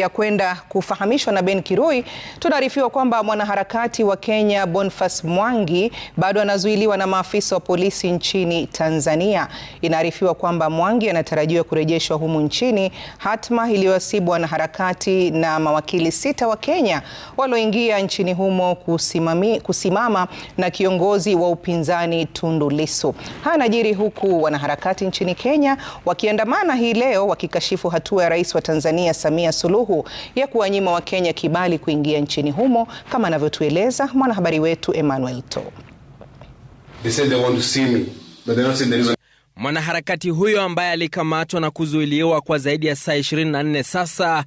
ya kwenda kufahamishwa na Ben Kirui, tunaarifiwa kwamba mwanaharakati wa Kenya Boniface Mwangi bado anazuiliwa na maafisa wa polisi nchini Tanzania. Inaarifiwa kwamba Mwangi anatarajiwa kurejeshwa humu nchini, hatma iliyowasibu wanaharakati na mawakili sita wa Kenya walioingia nchini humo kusimami, kusimama na kiongozi wa upinzani Tundu Lissu. Haya yanajiri huku wanaharakati nchini Kenya wakiandamana hii leo wakikashifu hatua ya Rais wa Tanzania Samia Suluhu suluhu ya kuwanyima Wakenya kibali kuingia nchini humo kama anavyotueleza mwanahabari wetu Emmanuel To. Mwanaharakati huyo ambaye alikamatwa na kuzuiliwa kwa zaidi ya saa 24 sasa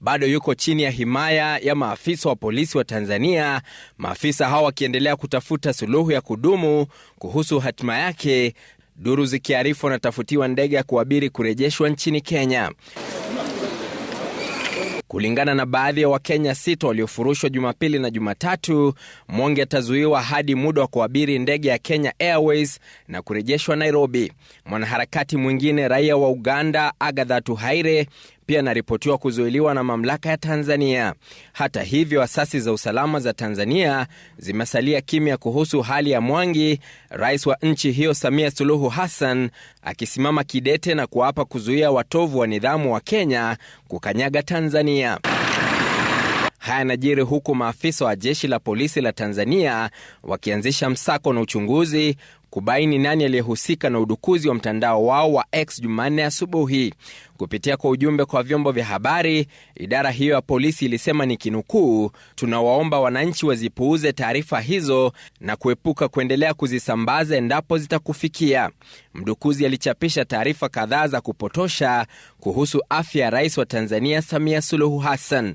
bado yuko chini ya himaya ya maafisa wa polisi wa Tanzania, maafisa hao wakiendelea kutafuta suluhu ya kudumu kuhusu hatima yake, duru zikiarifu anatafutiwa ndege ya kuabiri kurejeshwa nchini Kenya. Kulingana na baadhi ya Wakenya sita waliofurushwa Jumapili na Jumatatu, Monge atazuiwa hadi muda wa kuabiri ndege ya Kenya Airways na kurejeshwa Nairobi. Mwanaharakati mwingine raia wa Uganda Agatha Tuhaire pia anaripotiwa kuzuiliwa na mamlaka ya Tanzania. Hata hivyo, asasi za usalama za Tanzania zimesalia kimya kuhusu hali ya Mwangi, rais wa nchi hiyo Samia Suluhu Hassan akisimama kidete na kuapa kuzuia watovu wa nidhamu wa Kenya kukanyaga Tanzania. Haya yanajiri huku maafisa wa jeshi la polisi la Tanzania wakianzisha msako na uchunguzi kubaini nani aliyehusika na udukuzi wa mtandao wao wa X Jumanne asubuhi. Kupitia kwa ujumbe kwa vyombo vya habari, idara hiyo ya polisi ilisema ni kinukuu, tunawaomba wananchi wazipuuze taarifa hizo na kuepuka kuendelea kuzisambaza endapo zitakufikia. Mdukuzi alichapisha taarifa kadhaa za kupotosha kuhusu afya ya rais wa Tanzania Samia Suluhu Hassan.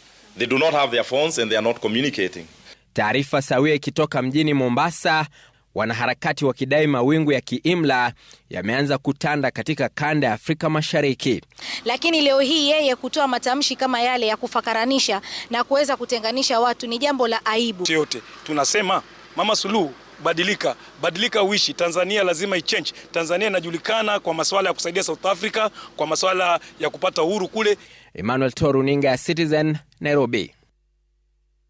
They do not have their phones and they are not communicating. Taarifa sawia ikitoka mjini Mombasa, wanaharakati wakidai mawingu ya kiimla yameanza kutanda katika kanda ya Afrika Mashariki. Lakini leo hii yeye kutoa matamshi kama yale ya kufakaranisha na kuweza kutenganisha watu ni jambo la aibu. Yote tunasema Mama Suluhu badilika, badilika uishi. Tanzania lazima ichange. Tanzania inajulikana kwa masuala ya kusaidia South Africa, kwa masuala ya kupata uhuru kule. Emmanuel Toruninga, Citizen, Nairobi.